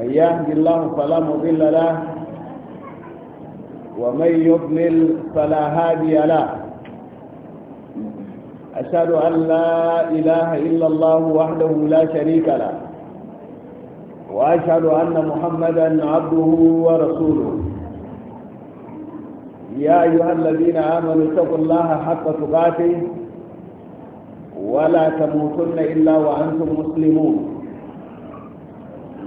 من يهد الله فلا مضل له ومن يضلل فلا هادي له أشهد أن لا إله إلا الله وحده لا شريك له وأشهد أن محمدا عبده ورسوله يا أيها الذين آمنوا اتقوا الله حق تقاته ولا تموتن إلا وأنتم مسلمون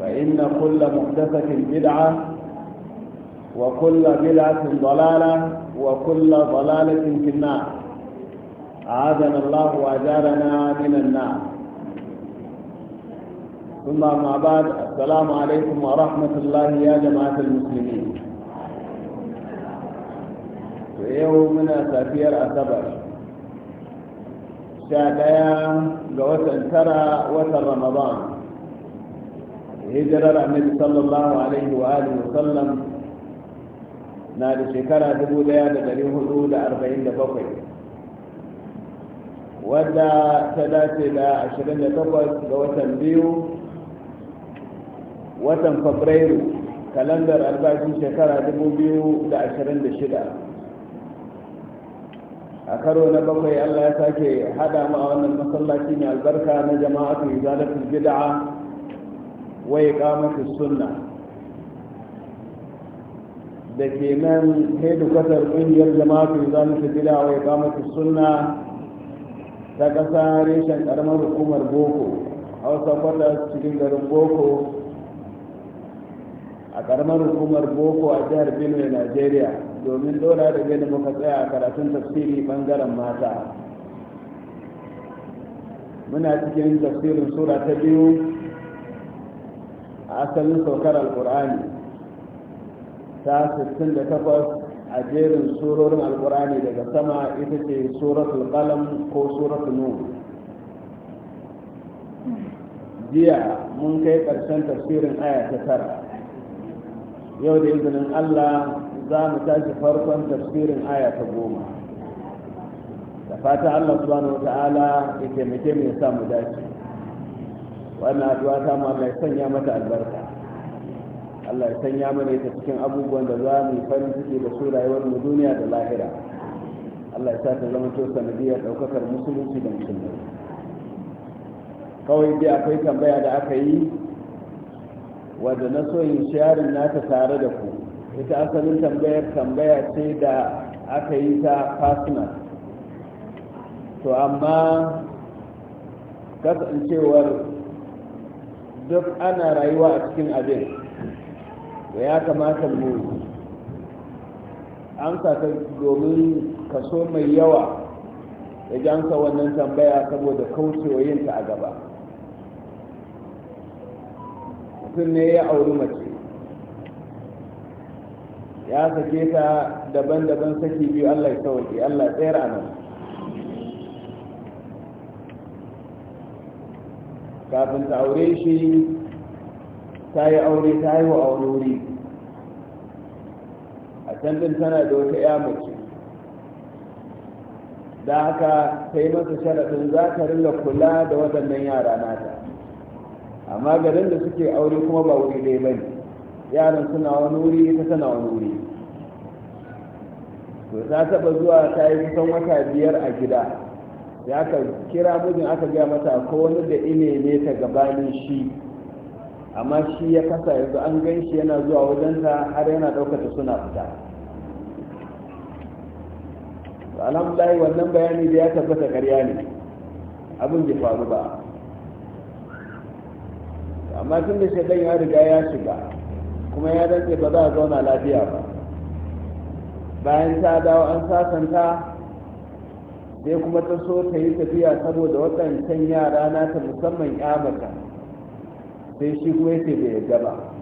فإن كل محدثة بدعة وكل بدعة ضلالة وكل ضلالة في النار أعاذنا الله وأجارنا من النار ثم ما بعد السلام عليكم ورحمة الله يا جماعة المسلمين يومنا سافير أسبر شاكيا لوسن ترى وسن رمضان hijirar annabi sallallahu alaihi wa alihi wasallam na da shekara 1447 wadda ta dace da 28 ga watan biyu watan fabrairu kalandar albashin shekara 2026 a karo na bakwai allah ya sake hada mu a wannan masallaci mai albarka na jama'atu izalatul bid'a wa iqamati sunna da ke nan kasar ƙungiyar jama'atu za mu ta wai wa iqamati sunna ta ƙasa reshen ƙaramar hukumar boko a wasu kwata cikin garin boko a ƙaramar hukumar boko a jihar benue nigeria domin dora da gani muka tsaya a karatun tafsiri ɓangaren mata muna cikin tafsirin sura ta biyu asalin saukar alkur'ani ta 68 a jerin surorin alkur'ani daga sama ita ce suratul qalam ko suratul nu. jiya mun kai ƙarshen tafsirin aya ta tara yau da izinin allah za mu tashi farkon tafsirin aya ta goma da fata allah subhanahu wa ta'ala ya taimake mu ya samu dace wannan addu'a ta mu Allah ya sanya mata albarka Allah ya sanya mana ita cikin abubuwan da za mu farin ciki da su rayuwar mu duniya da lahira Allah ya sa ta zama to sanadiyar daukakar musulunci da musulmai kawai dai akwai tambaya da aka yi wadda na so yin sharing nata tare da ku ita asalin tambayar tambaya ce da aka yi ta personal to amma kasancewar duk ana rayuwa a cikin abin da ya kamata mu amsa ta domin kaso mai yawa ya ji wannan tambaya saboda yin ta a gaba mutum ne ya auri mace ya sake ta daban-daban saki biyu allah ya sauke allah tsayar a nan kafin ta aure shi ta yi aure ta haihu a wani a can ɗin tana da wata ya mace da haka ta yi masa sharaɗin za ta rinka kula da waɗannan yara nata amma garin da suke aure kuma ba wuri dai bane yaran suna wani wuri ita tana wani wuri to ta taɓa zuwa ta yi kusan wata biyar a gida da aka kira mijin aka gaya mata ko wani da ine ne ta gabanin shi amma shi ya kasa yanzu an gan shi yana zuwa wajenta har yana ɗaukata suna fita alhamdulahi wannan bayani da ya tabbata karya ne abin da faru ba amma tun da shaidan ya riga ya shiga kuma ya dace ba za a zauna lafiya ba bayan ta dawo an sasanta sai kuma ta so ta yi tafiya saboda waɗancan yara na ta musamman ya maka sai shi kuma yake bai yarda ba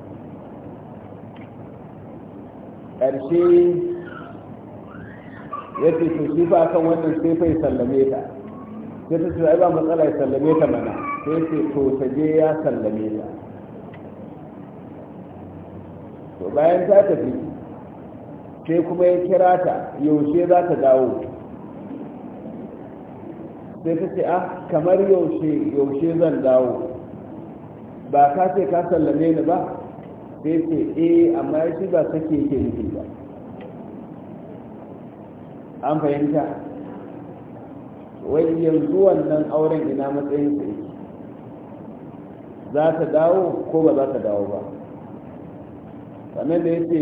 ƙarshe ya ce to shi fa kan wannan sai fa sallame ta sai ta ce ba matsala ya sallame ta mana sai ce to ta je ya sallame ta to bayan ta tafi sai kuma ya kira ta yaushe za ta dawo sai ta ce a ah, kamar yaushe yaushe zan dawo ba ka ce ka sallame ni ba sai ce e amma ya ce ba ke ke nufi ba an fahimta wai yanzu wannan auren ina matsayin sa za ta dawo ko ba za ta dawo ba sannan da ya ce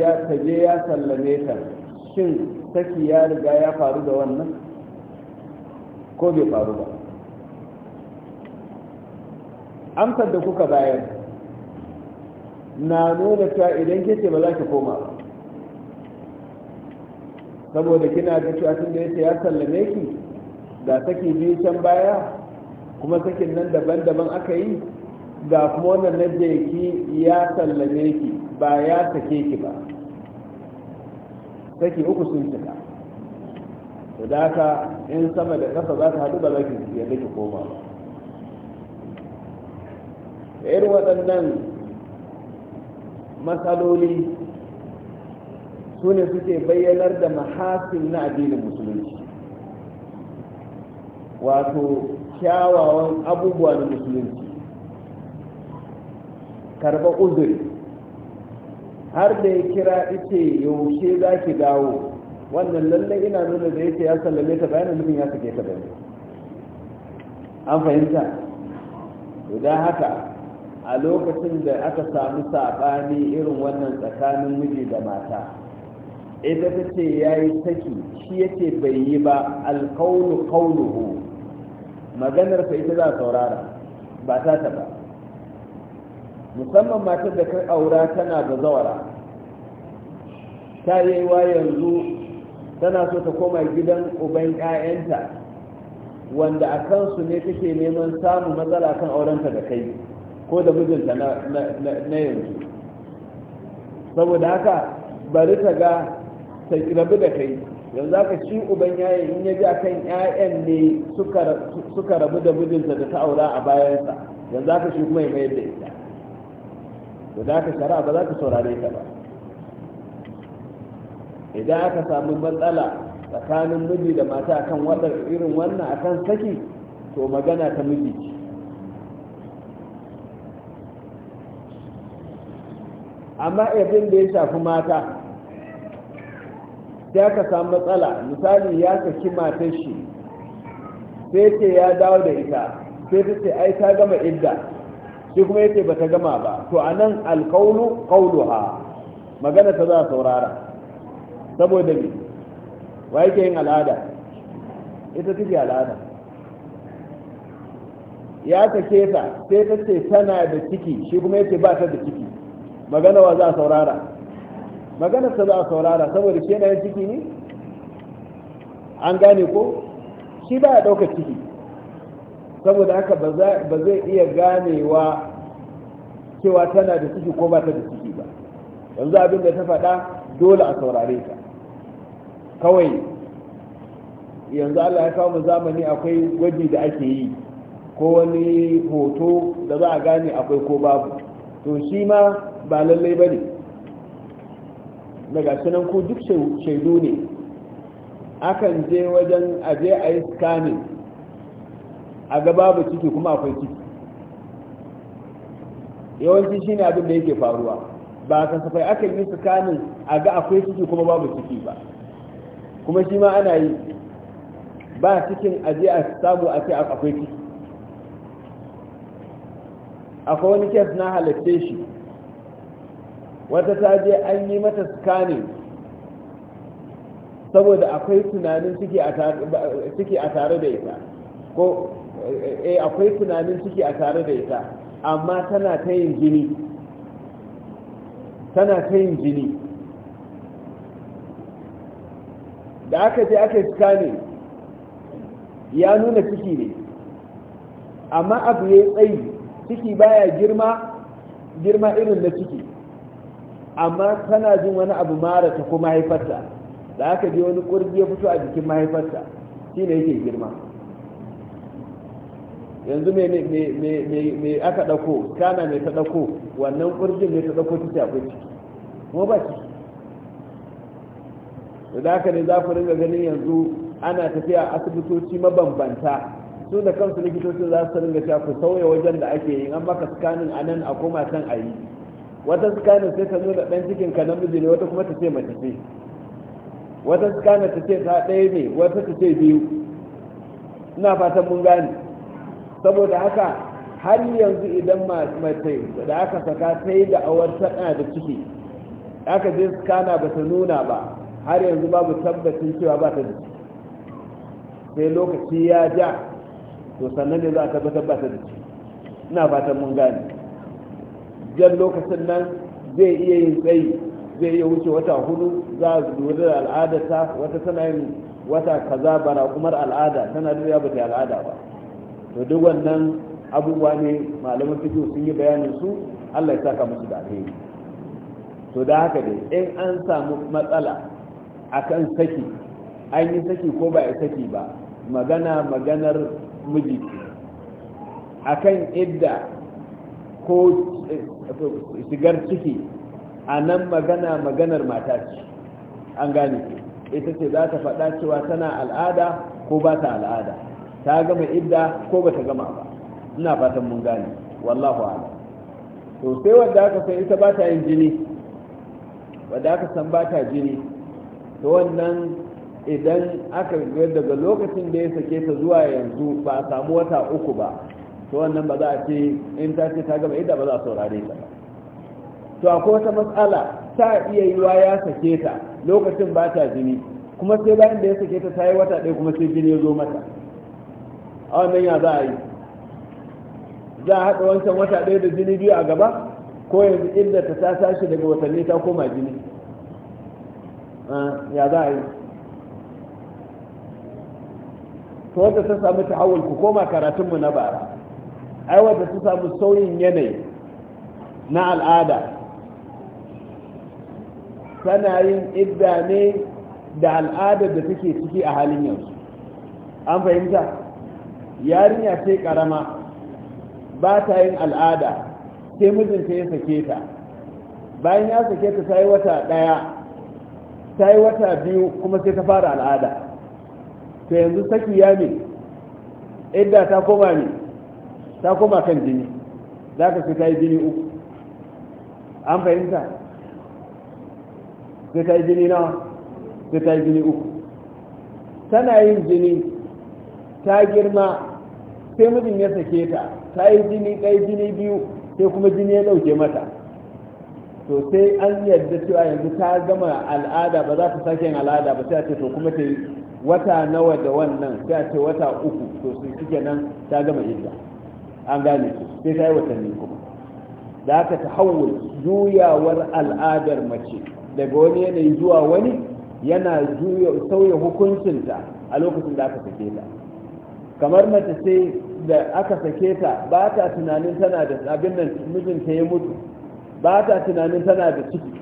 ya je ya sallame ta shin saki ya riga ya faru da wannan ko bai faru ba amsar da kuka bayan na nuna cewa idan ke ba za ki koma saboda kina ga cewa tun da yake ya sallame ki da saki biyu can baya kuma sakin nan daban-daban aka yi ga kuma wannan na ki ya sallame ki ba ya sake ki ba saki uku sun cika da daka in sama da ƙafa za ta haɗu ba za ki yadda ki koma da irin waɗannan matsaloli su ne suke bayyanar da mahasin na addinin musulunci wato kyawawan abubuwa na musulunci karɓa uzuri har da ya kira ita yaushe za ki dawo wannan lallai ina nuna da yake ya sallame ta bayan mutum ya sake ta bayan an fahimta guda haka a lokacin da aka samu saɓani irin wannan tsakanin miji da mata ita ta ce ya yi saki shi yake bai yi ba alkaunu kaunuhu maganarsa ita za a saurara ba ta ta ba musamman matar da kan aura tana da zawara ta yi wa yanzu tana so ta koma gidan uban 'ya'yanta wanda a kansu ne take neman samun matsala kan aurenta da kai ko da mijinta na yanzu saboda haka bari ta ga ta rabu da kai yanzu haka shi uban yayin in ya ji kan 'ya'yan ne suka rabu da mijinta da ta aura a bayansa yanzu haka shi kuma ya mayar da ita da haka shari'a ba za ka saurare ta ba idan aka samu matsala tsakanin miji da mata akan wadar irin wannan akan saki to magana ta miji ce amma abin da ya shafi mata sai aka samu matsala misali ya saki matar shi sai ce ya dawo da ita sai ta ce ai ta gama idda shi kuma yace bata gama ba to anan alqawlu qawluha magana ta za saurara saboda me wa yake yin al'ada ita take al'ada ya sake ta sai ta ce tana da ciki shi kuma yake ba ta da ciki magana wa za a saurara magana ta za a saurara saboda shi yana ciki ne an gane ko shi ba ya ɗaukar ciki saboda haka ba zai iya ganewa cewa tana da ciki ko ba ta da ciki ba yanzu abin da ta faɗa dole a saurare ta kawai yanzu allah ya kawo mu zamani akwai gwaji da ake yi ko wani hoto da za a gane akwai ko babu to shi ma ba lallai ba ne daga sunan ku duk shaidu ne akan je wajen aje a yi scanning a ga babu ciki kuma akwai ciki yawanci shine abin da yake faruwa ba kasafai akan yi scanning a ga akwai ciki kuma babu ciki ba kuma shi ma ana yi ba cikin aje a samu a ce akwai ciki akwai wani kes na halitta shi wata ta je an yi mata scanning saboda akwai tunanin ciki a tare da ita ko eh akwai tunanin ciki a tare da ita amma tana ta yin jini tana ta yin jini da aka je aka yi ya nuna ciki ne amma abu ya tsayi ciki baya girma girma irin na ciki amma tana jin wani abu mara ta kuma haifarta da aka je wani kurji ya fito a jikin mahaifarta shi ne yake girma yanzu me aka ɗauko kana mai ta ɗauko wannan kurjin ne ta ɗauko ta shafi ciki kuma ba ciki da haka ne za ku ringa ganin yanzu ana tafiya asibitoci mabambanta su da kansu likitoci za su ringa cewa ku sauya wajen da ake yi an maka scanning a nan a koma can a yi wata scanning sai ta nuna dan cikin ka namiji ne wata kuma ta ce mace ce wata scanning ta ce ta ɗaya ne wata ta ce biyu ina fatan mun gane saboda haka har yanzu idan mace da aka saka ta yi da awar ta da ciki aka je scanner ba ta nuna ba har yanzu babu tabbacin cewa ba ta da sai lokaci ya ja to sannan ne za a tabbatar ba ta da ina fatan mun gane jan lokacin nan zai iya yin tsayi zai iya wuce wata hudu za a lura da al'adarta wata tana yin wata kaza bara kumar al'ada tana da ya yi al'ada ba to duk wannan abubuwa ne malaman fiƙo sun yi bayanin su Allah ya saka musu da alheri to da haka dai in an samu matsala akan saki an yi saki ko ba a saki ba magana maganar miji kan idda ko eh, shigar ciki a nan magana maganar mata ce an gane ita ce za ta faɗa cewa tana al'ada ko ba ta al'ada ta gama idda ko ba ta gama ba ina fatan mun gane wallahu ala to sai wadda aka san ita ba ta yin jini wadda aka san ba ta jini to wannan idan aka ga daga lokacin da ya sake ta zuwa yanzu ba a samu wata uku ba to wannan ba za a ce in ta ce ta gama idda ba za a saurare ta to akwai wata matsala ta iya yi wa ya sake ta lokacin ba ta jini kuma sai bayan da ya sake ta ta yi wata ɗaya kuma sai jini ya zo mata a wannan ya za a yi za a haɗa wancan wata ɗaya da jini biyu a gaba ko yanzu inda ta ta tashi daga watanni ta koma jini ya za a yi to wadda ta samu ta'awul ku koma karatunmu na bara ai wadda ta samu sauyin yanayi na al'ada tana yin idda ne da al'ada da take ciki a halin yanzu an fahimta yarinya ce karama ba ta yin al'ada sai mijinta ya sake ta bayan ya sake ta ta wata daya ta yi wata biyu kuma sai ta fara al'ada to yanzu saki ya ne idda ta koma ne ta koma kan jini za ka sai ta yi jini uku an fahimta sai ta yi jini nawa sai ta yi jini uku tana yin jini ta girma sai mutum ya sake ta ta yi jini ɗaya jini biyu sai kuma jini ya ɗauke mata to sai an yarda cewa yanzu ta gama al'ada ba za ta sake yin al'ada ba sai a ce to kuma ta yi wata nawa da wannan sai a ce wata uku to sun suke nan ta gama idda an gane sai ta yi watanni kuma da aka ta hau juyawar al'adar mace daga wani yanayi zuwa wani yana sauya hukuncinta a lokacin da aka sake ta kamar mace sai da aka sake ta ba ta tunanin tana da abin nan mijinta ya mutu ba ta tunanin tana da ciki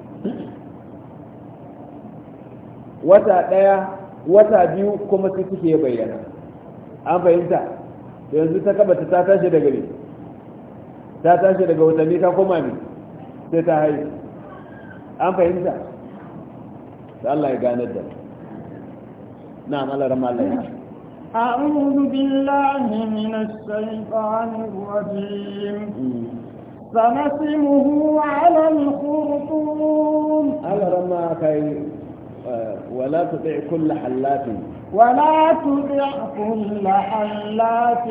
wata ɗaya wata biyu kuma sai ciki ya bayyana an fahimta yanzu ta kaba ta tashi daga ne ta tashi daga watanni ta koma ne sai ta haihu an fahimta da Allah ya ganar da na Allah rama أعوذ بالله من الشيطان الرجيم فنسمه على الخرطوم على رما ولا تطع كل حلات ولا تطع كل حلات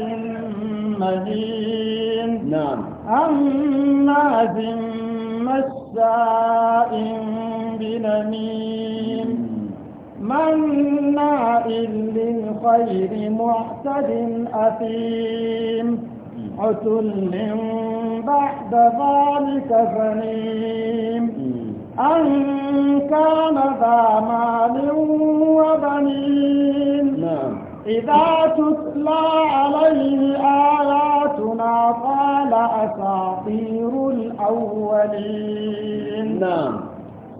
مهين نعم ذم مساء بنميم مناء للخير معتد أثيم عتل بعد ذلك زنيم أن كان ذا مال وبنين نعم إذا تتلى عليه آياتنا قال أساطير الأولين نعم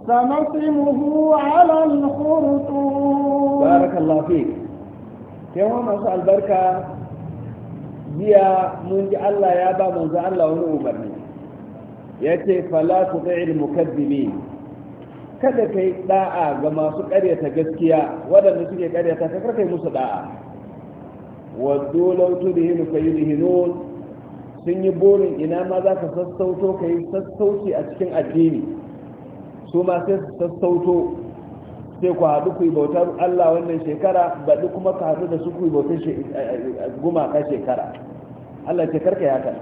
سنصمه على الخرطوم بارك الله فيك يوم أسأل بركة jiya mun ji Allah ya ba manzo Allah wani umarni yace fala tuti'il mukaddimin kada kai da'a ga masu ƙaryata gaskiya waɗanda suke ƙaryata ka karkai musu da'a waddu law tudhinu fayudhinun sun yi burin ina ma za ka sassauto ka yi sassauci a cikin addini su ma sai su sassauto sai ku haɗu ku yi bautar Allah wannan shekara baɗi kuma ka haɗu da su ku yi bautar gumaka shekara Allah ce karka ya kan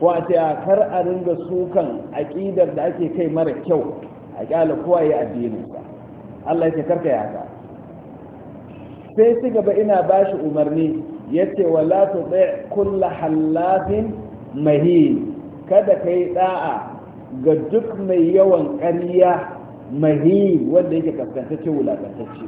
ko a ce a kar a ringa sukan aƙidar da ake kai mara kyau a ƙyala kowa ya addininsa Allah ce karka ya kan sai su gaba ina ba shi umarni ya ce wa la tu tsaye kulla hallafin mahin kada ka yi ɗa'a ga duk mai yawan ƙarya mahi wanda yake kaskantacce wulakantacce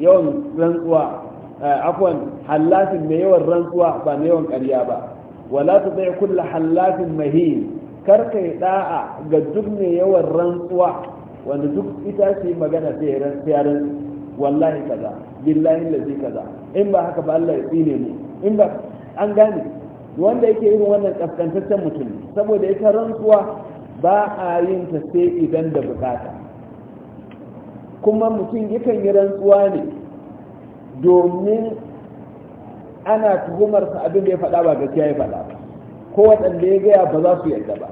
yawan rantsuwa eh, afwan hallafin mai yawan rantsuwa ba mai yawan ƙarya ba wala ta zai kulla hallafin mahi karka yi da'a ga duk mai yawan rantsuwa wanda duk ita ce magana sai ya rantsu wallahi kaza billahi lazi kaza in ba haka ba Allah ya tsine mu in ba an gane wanda yake irin wannan kaskantaccen mutum saboda ita rantsuwa ba a yin ta sai idan da bukata kuma mutum yakan yi rantsuwa ne domin ana tuhumarsa abin da ya faɗa ba gaskiya ya faɗa ba ko waɗanda ya gaya ba za su yarda ba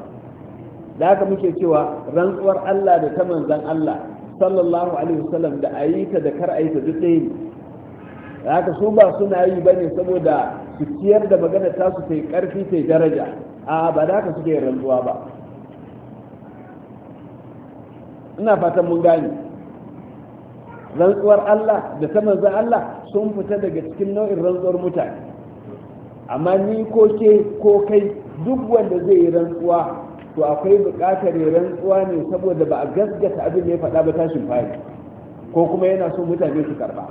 da haka muke cewa rantsuwar Allah da ta manzan Allah sallallahu alaihi wasallam da a da kar a yi ta duk ne da haka su ba suna yi ba ne saboda su ciyar da magana tasu su ta yi ƙarfi ta daraja a ba da haka suke rantsuwa ba ina fatan mun gane rantsuwar Allah da ta manzo Allah sun fita daga cikin nau'in rantsuwar mutane amma ni ko ke ko kai duk wanda zai yi rantsuwa to akwai buƙatar ya rantsuwa ne saboda ba a gaskata abin da ya faɗa ba tashin fari ko kuma yana so mutane su karba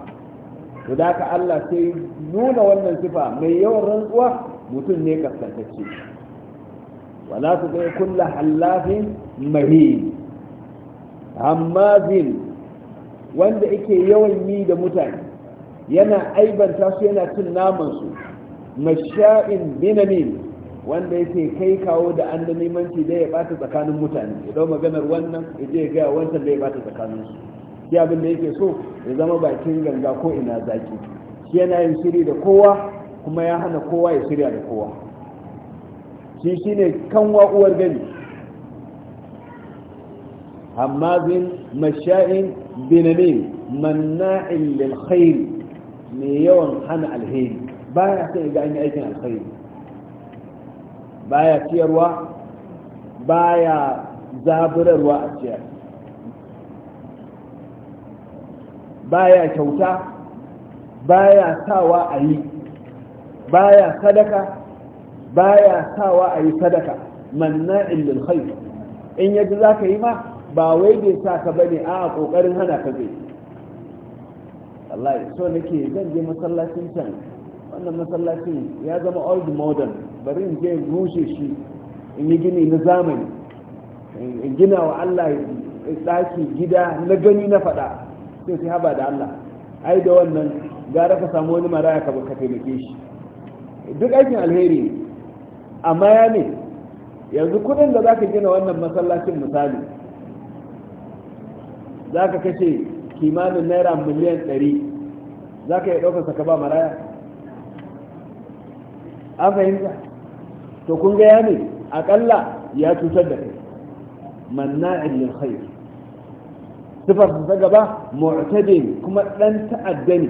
to da haka Allah sai nuna wannan sifa mai yawan rantsuwa mutum ne kaskantacce wala su kai kulla hallafin mahin hammazin wanda yake yawan yi da mutane yana aibanta su yana cin namansu masha'in binamin wanda yake kai kawo da an da nemanci da ya bata tsakanin mutane ya maganar wannan ya je ga wancan da ya bata tsakanin su shi abin da yake so ya zama bakin ganga ko ina zaki shi yana yin shiri da kowa kuma ya hana kowa ya shirya da kowa shi shine kanwa uwar gani hammazin masha'in binamin manna'in lil khair mai yawan hana alheri baya sai ga an yi aikin alkhairi baya ciyarwa baya zaburarwa a ciyar baya kyauta baya sawa a yi baya sadaka baya sawa a sadaka manna'in lil in yaji zaka yi ma ba wai bai sa ka bane a kokarin hana ka bai Allah so nake zan je masallacin can wannan masallacin ya zama old modern bari in je rushe shi in yi gini na zamani in gina wa Allah tsaki gida na gani na faɗa sai sai haba da Allah ai da wannan gara ka samu wani maraya ka ka taimake shi duk aikin alheri amma ya ne yanzu kudin da za ka gina wannan masallacin misali za ka kashe kimanin naira miliyan 100 za ka iya ɗaukarsa ka ba maraya an fahimta to kun gaya ne aƙalla ya cutar da kai manna'in lil khair sifar ta gaba mu'tadin kuma ɗan ta'adda ne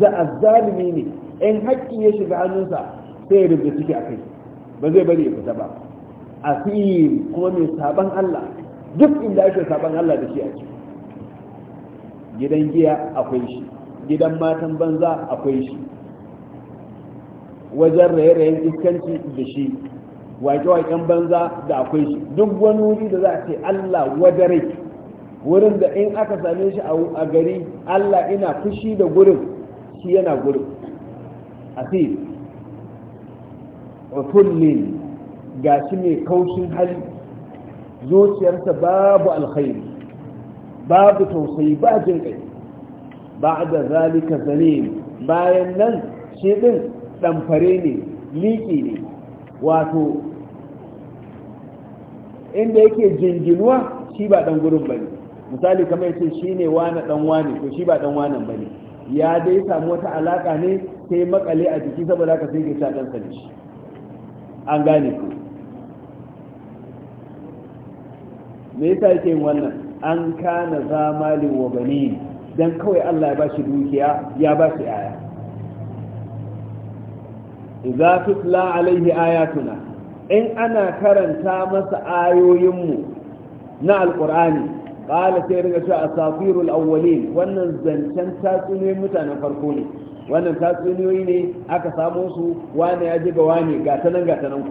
za azzalimi ne in haƙƙi ya shiga hannunsa sai ya rubuta ciki a kai ba zai bari ya fita ba asim kuma mai saban Allah duk inda ake saban Allah da shi a ciki gidan giya akwai shi gidan matan banza akwai shi wajen raye-rayen iskanci da shi wake-waken banza da akwai shi duk wani wuri da za a ce allah wadare wurin da in aka same shi a gari allah ina fushi da gurin shi yana gurin asiri utullin ga shi mai kaushin hali zuciyarsa babu alkhairi babu tausayi ba jin kai ba'da zalika zalim bayan nan shi din damfare ne liki ne wato inda yake jinginuwa shi ba dan gurin bane misali kamar yace ne wani dan wani to shi ba dan wanan bane ya dai samu wata alaka ne sai makale a jiki saboda haka sai ke sha dan sani an gane ku me yasa yake yin wannan an kana zamalin wa bani dan kawai Allah ya bashi dukiya ya bashi aya idza tutla alaihi ayatuna in ana karanta masa ayoyinmu na alqur'ani qala sai riga cewa asafirul awwalin wannan zancen tatsuniyoyin mutanen farko ne wannan tatsuniyoyi ne aka samo su wane ya ji ga wane gatanan nan gata nan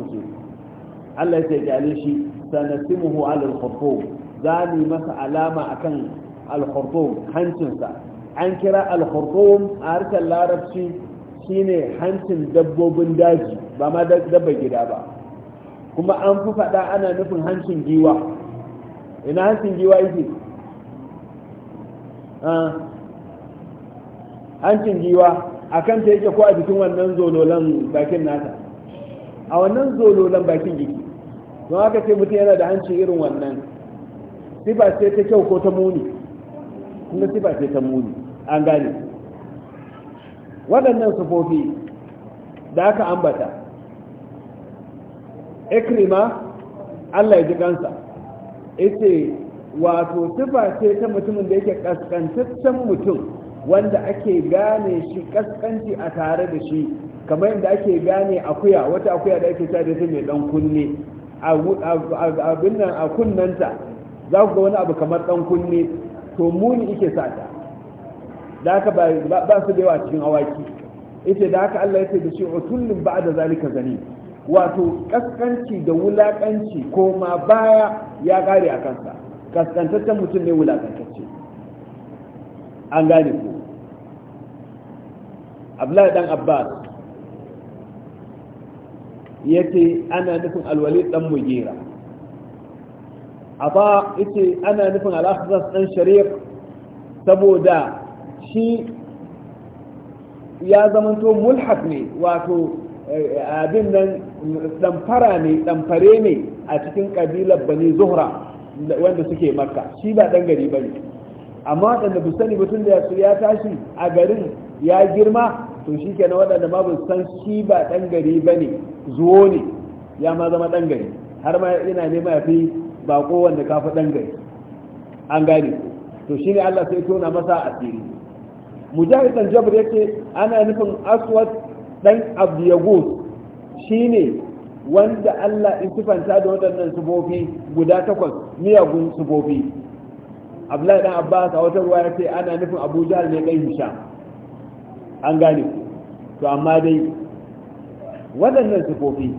Allah ya ce shi sanasimuhu alal khufuf Zani masa alama akan al-khurtum hancinsa an kira al-khurtum a harkar larabci shine hancin dabbobin daji ba ma dabba gida ba kuma an fi faɗa ana nufin hancin giwa ina hancin giwa yake ah. hancin giwa a kan ta yake ko a jikin wannan zololan bakin nata a wannan zololan bakin yake don haka sai mutum yana da hancin irin wannan siba ce ta kyau ko ta muni kuma siba ce ta muni an gane waɗannan sufofi da aka ambata ikrima Allah ya ji kansa ita wato siba ce ta mutumin da yake kaskantaccen mutum wanda ake gane shi kaskanci a tare da shi kamar yadda ake gane akuya wata akuya da ake ta da mai dan kunne nan a kunnanta za ku ga wani abu kamar dan kunne to muni ike sa ta da haka ba su da yawa cikin awaki ita da haka Allah ya ce da shi utullin ba'da zalika zani wato kaskanci da wulakanci ko ma baya ya kare a kansa kaskantaccen mutum ne wulakantacce an gane ku abdullahi dan abbas ya ana nufin alwali dan mugera aba yace ana nufin al-akhzas dan saboda shi ya zamanto mulhaq ne wato eh, abin nan damfara ne damfare ne a cikin kabilar bani zuhra wanda suke makka shi ba dan gari ne amma waɗanda bu sani mutum da ya tashi a garin ya girma to shi kenan waɗanda ma bu san shi ba ɗan gari ne zuwo ne ya ma zama ɗan gari har ma yana nema ya fi ba kowanne ka ɗan gari an gane to shi ne Allah sai tona masa asiri mujahid dan jabir yake ana nufin aswad dan abdiyagus shi ne wanda Allah in tufanta da waɗannan sufofi guda takwas miyagun sufofi abdullahi dan abbas a wata ruwa ya ce ana nufin abu jahal ne dan hisham an gane to amma dai waɗannan sufofi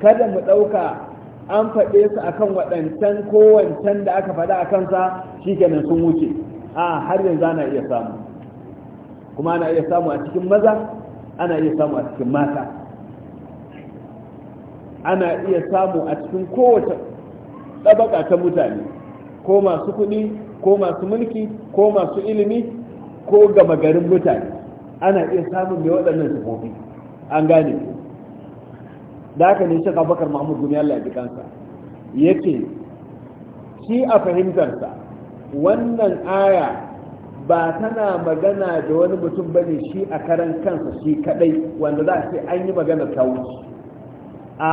kada mu ɗauka an faɗe su akan waɗancan kowancan da aka faɗa a kansa shi shikenan sun wuce a har yanzu ana iya samu kuma ana iya samu a cikin maza ana iya samu a cikin mata ana iya samu a cikin kowace ɗabaka ta mutane ko masu kuɗi ko masu mulki ko masu ilimi ko gama garin mutane ana iya samun mai waɗannan sufofi an gane da haka ne shiga bakar mahmud gumi allah ya kansa ya shi a fahimtarsa wannan aya ba tana magana da wani mutum ba ne shi a karan kansa shi kadai wanda za a ce an yi magana ta wuce a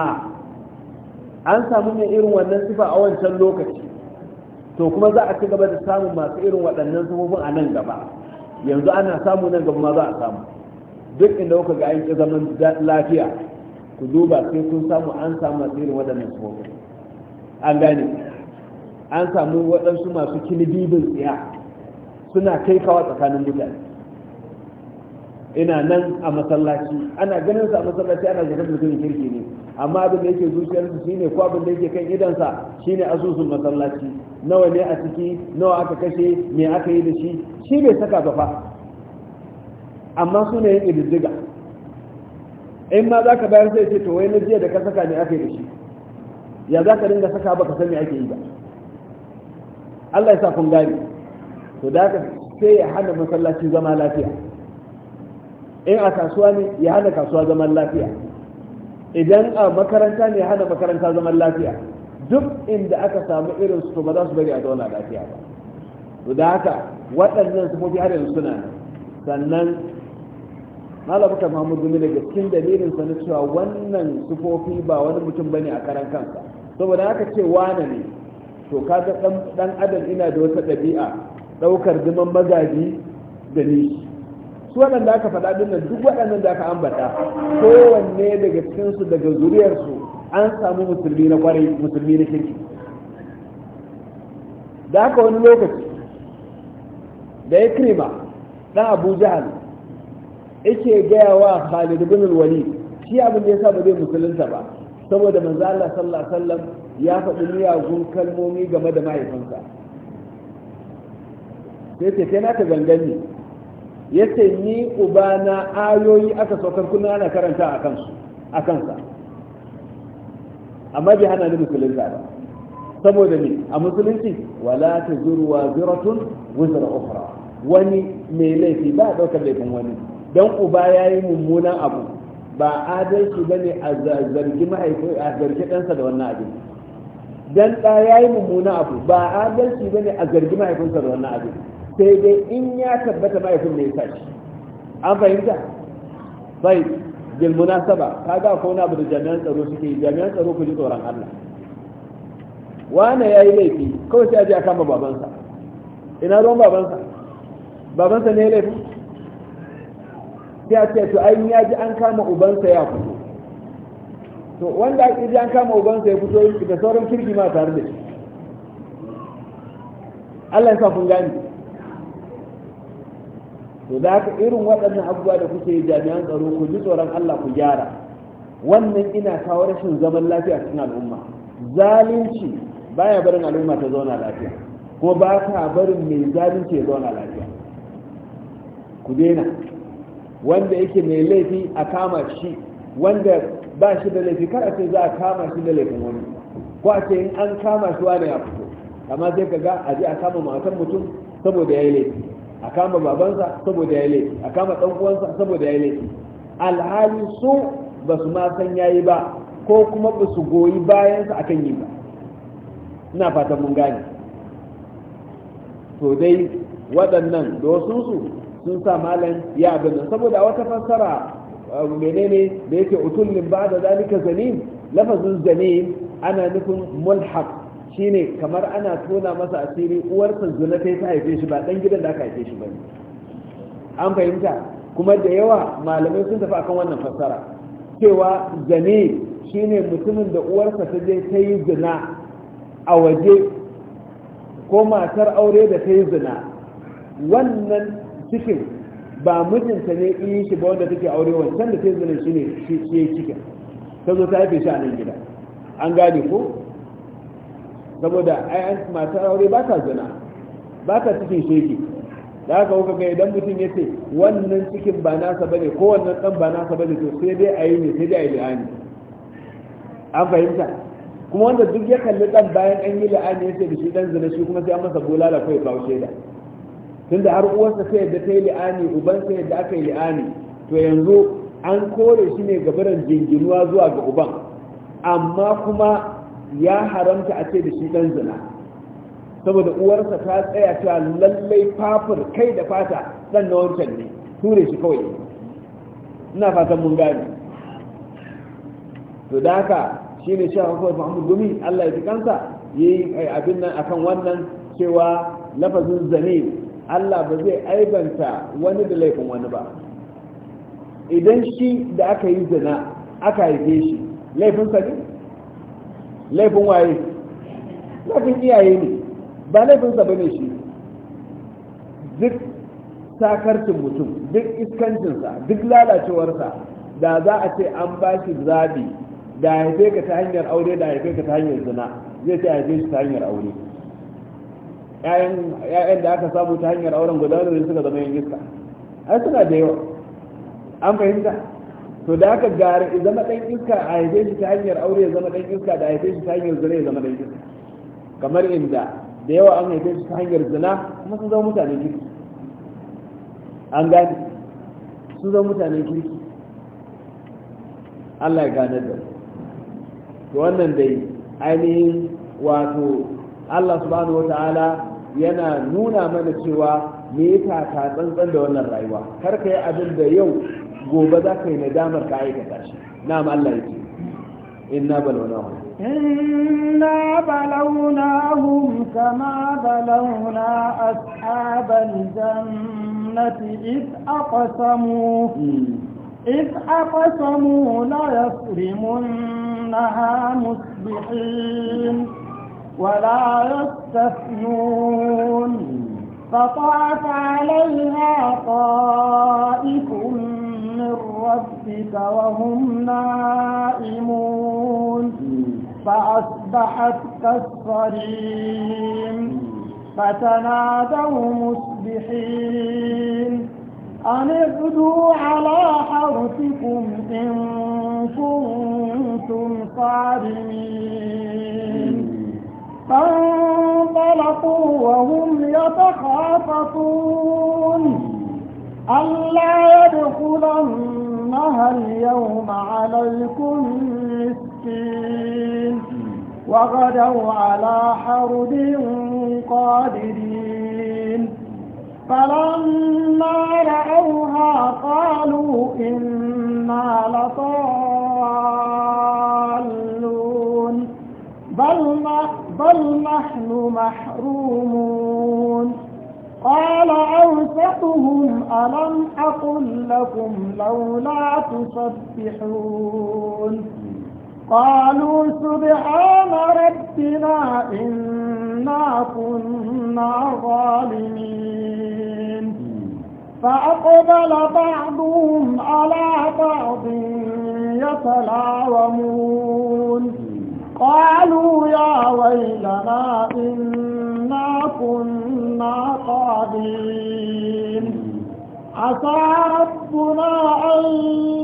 an samu ne irin wannan sifa a wancan lokaci to kuma za a ci gaba da samun masu irin waɗannan sifofin a nan gaba yanzu ana samu nan gaba ma za a samu duk inda kuka ga an ƙi zaman lafiya ku duba sai sun samu an samu tsirin waɗannan sufofin an gane an samu waɗansu masu kilibibin tsiya suna kai kawa tsakanin mutane ina nan a masallaci ana ganin sa a masallaci ana zaton mutumin kirki ne amma abin da yake zuciyarsa shine ko abin da yake kan idansa shine asusun masallaci nawa ne a ciki nawa aka kashe me aka yi da shi shi bai saka ba amma suna yin ididdiga in ma za ka bayar sai ce to wai na jiya da ka saka ne aka yi da shi ya za ka dinga saka ba ka san me ake yi ba Allah ya sa kun gane to da haka sai ya hana masallaci zama lafiya in a kasuwa ne ya hana kasuwa zaman lafiya idan a makaranta ne ya hana makaranta zaman lafiya duk inda aka samu irin su to ba za su bari a zauna lafiya ba to da haka waɗannan su mafi har yanzu suna sannan ta mahmud gumi daga cikin dalilin sa na cewa wannan sufofi ba wani mutum ba ne a karan kansa saboda haka ce wane ne to ka ga dan adam ina da wata ɗabi'a ɗaukar zaman magaji da ni su waɗanda aka faɗa dinnan duk waɗannan da aka ambata kowanne daga su daga zuriyarsu an samu musulmi na kwarai musulmi na kirki da aka wani lokaci da ya krima ɗan Abuja jahal yake gaya wa Khalid bin Walid shi abin da yasa ba zai musulunta ba saboda manzo Allah sallallahu alaihi wasallam ya faɗi miyagun kalmomi game da mahaifinsa sai ce kai naka gangane yace ni ubana ayoyi aka saukar kuna ana karanta a kansu a kansa amma bai hana ni musulunta ba saboda ni a musulunci wala tazuru wa ziratun ukhra wani mai laifi ba daukar laifin wani dan uba ya yi mummunan abu ba adalci ba ne a zargi ma'aikai a zargi ɗansa da wannan abin dan ɗa ya yi mummunan abu ba adalci ba ne a zargi ma'aikinsa da wannan abin sai dai in ya tabbata mahaifin ne ya shi an fahimta bai bil munasaba kaga ko na abu da jami'an tsaro suke yi jami'an tsaro ku ji tsoron Allah wane ya yi laifi kawai sai a je a kama babansa ina ruwan babansa babansa ne ya laifi sai a ce to ai ya ji an kama ubansa ya fito to wanda ake ji an kama ubansa ya fito da sauran kirki ma tare da shi Allah ya sa kun gani to da haka irin waɗannan abubuwa da kuke jami'an tsaro ku ji tsoron Allah ku gyara wannan ina kawo rashin zaman lafiya cikin al'umma zalunci baya barin al'umma ta zauna lafiya ko ba ka barin mai zalunci ya zauna lafiya ku daina wanda yake mai laifi a kama shi wanda ba shi da laifi kar a ce za a kama shi da laifin wani ko a ce in an kama shi wani ya fito amma sai ka ga a je a kama matan mutum saboda ya yi laifi a kama babansa saboda ya yi laifi a kama ɗan uwansa saboda ya yi laifi alhali su ba su ma san yayi ba ko kuma ba su goyi bayansa akan yi ba ina fatan mun gane to dai waɗannan da wasu su sun sa malam ya abin nan saboda a wata fassara um, menene da yake utullin ba da zalika zanim lafazin zane ana nufin mulhaq shine kamar ana tona masa asiri uwarsa zuna ta haife shi ba dan gidan da aka haife shi bane an fahimta kuma da yawa malamai sun tafi akan wannan fassara cewa zane shine mutumin da uwarsa ta je ta yi zina a waje ko matar aure da ta yi zina wannan cikin ba mijinta ne in shi ba wanda take aure wancan da sai zanen shi ne shi ya cikin ta zo ta haife shi a nan gida an gane ko saboda ai matar aure ba ta zana, ba ta cikin sheki da haka kuka ga idan mutum ya ce wannan cikin ba nasa bane ko wannan dan ba nasa bane to sai dai a yi ne sai dai a yi an fahimta kuma wanda duk ya kalli dan bayan an yi la'ani ya ce da shi dan zina shi kuma sai an masa bola da kai kawo sheda. tunda har uwarsa ta yadda ta yi li'ani ubansa yadda aka yi li'ani to yanzu an kore shi ne gabaran jinginuwa zuwa ga uban amma kuma ya haramta a ce da shi dan zina saboda uwarsa ta tsaya ta lallai fafur kai da fata dan na wancan ne ture shi kawai ina fatan mun gane to da haka ne shi Abubakar Muhammad Gumi Allah ya ji kansa yayi abin nan akan wannan cewa lafazin zane Allah ba zai aibanta wani da laifin wani ba idan shi da aka yi zina aka haife shi laifin sa ne laifin waye laifin iyaye ne ba laifin sa bane shi duk sakarcin mutum duk iskancinsa duk lalacewarsa da za a ce an ba shi zabi da haife ka ta hanyar aure da haife ka ta hanyar zina zai ta haife shi ta hanyar aure 'ya'yan da aka samu ta hanyar auren gudanar da suka zama yin iska ai suna da yawa an fahimta to da aka gara zama ɗan iska a haife shi ta hanyar aure zama ɗan iska da haife shi ta hanyar zina ya zama ɗan iska kamar inda da yawa an haife shi ta hanyar zina kuma sun zama mutane kirki an gane sun zama mutane kirki Allah ya gane da to wannan dai ainihin wato Allah subhanahu wa ta'ala yana nuna mana cewa me yasa taka tsantsan da wannan rayuwa kar ka yi abin da yau gobe za ka yi nadamar ka aikata shi ma Allah yake inna balawnahu inna balawnahum kama balawna ashabal jannati id aqsamu إذ أقسموا ليصرمنها مصبحين ولا يستثنون فطاف عليها طائف من ربك وهم نائمون فأصبحت كالصريم فتنادوا مصبحين أن اغدوا على حرثكم إن كنتم صارمين فانطلقوا وهم يتخافتون ألا يدخلنها اليوم عليكم مسكين وغدوا على حرد قادرين فلما رأوها قالوا إنا لطالون بل نحن بل نحن محرومون قال أوسطهم ألم أقل لكم لولا تسبحون قالوا سبحان ربنا إنا كنا ظالمين فأقبل بعضهم على بعض يتلاومون قالوا يا ويلنا إنا كنا قادين عسى ربنا أن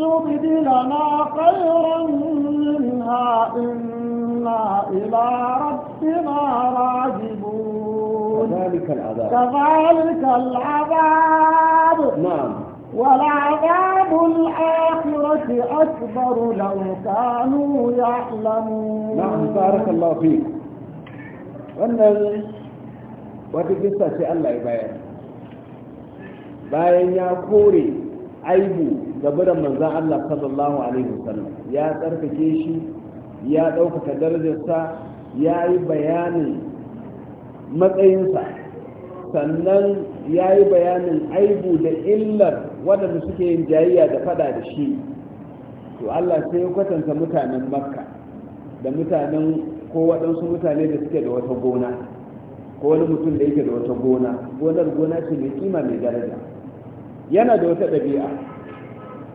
يبدلنا خيرا منها إنا إلى ربنا راجبون كذلك العذاب كذلك العذاب نعم ولعذاب الآخرة أكبر لو كانوا يعلمون نعم بارك الله فيك wannan wata kista ce Allah ya bayar bayan ya kore aibu ga da manzan Allah sallallahu alaihi wasallam ya tsarkake shi ya ɗaukaka darajarsa ya yi bayanin matsayinsa sannan ya yi bayanin aibu da illar waɗanda suke yin jayayya da faɗa da shi to Allah sai ya kwatanta mutanen makka da mutanen ko waɗansu mutane da suke da wata gona ko wani mutum da yake da wata gona gonar gona ce mai kima mai daraja yana da wata ɗabi'a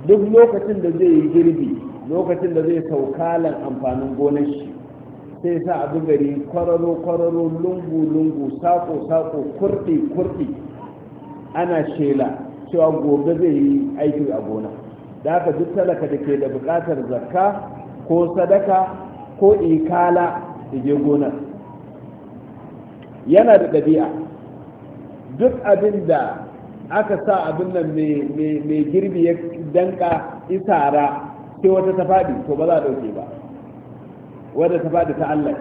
duk lokacin da zai yi girbi lokacin da zai saukalan amfanin gonar shi sai sa abu gari kwararo kwararo lungu lungu sako sako kurɗi kurɗi ana shela cewa gobe zai yi aiki a gona da haka duk talaka da ke da buƙatar zakka ko sadaka ko ikala da je gonar yana da ɗabi'a duk abin da aka sa abin nan mai girbi ya danka isara sai wata ta faɗi to ba za a ɗauke ba wadda ta faɗi ta Allah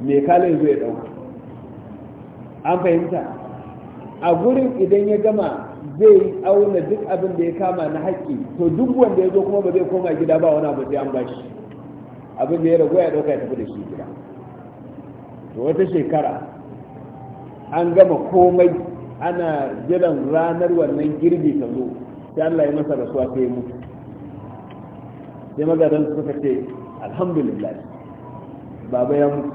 mai kala yanzu ya ɗauka an fahimta a gurin idan ya gama zai auna duk abin da ya kama na haƙƙi to duk wanda ya zo kuma ba zai koma gida ba wani abu sai an bashi abin da ya ragu ya ɗauka ya tafi da shi gida to wata shekara an gama komai ana jiran ranar wannan girbi ta zo sai Allah ya masa rasuwa sai ya mutu sai magadan suka ce alhamdulillah baba ya mutu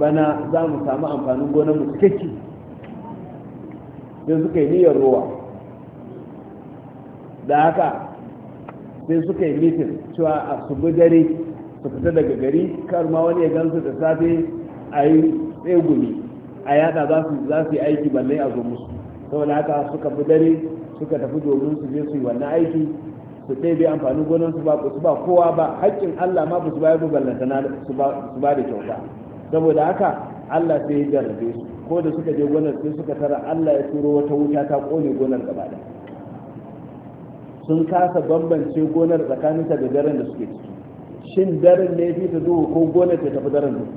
bana za mu samu amfanin gonar mu cikakke sai suka yi niyyar ruwa da haka sai suka yi mitin cewa a su bi dare su fita daga gari kar ma wani ya gansu da safe a yi tsegumi a yada za su yi aiki balle a zo musu da haka suka fi dare suka tafi domin su je su yi wannan aiki su bai amfani gonan su ba su ba kowa ba haƙƙin Allah ma ba su ba ba ballantana su ba da kyauta saboda haka Allah sai ya jarabe su ko da suka je gonar sai suka tara Allah ya turo wata wuta ta kone gonar gaba da sun kasa bambance gonar tsakaninta da daren da suke ciki shin daren ne fi ta duhu ko gonar ta tafi daren duhu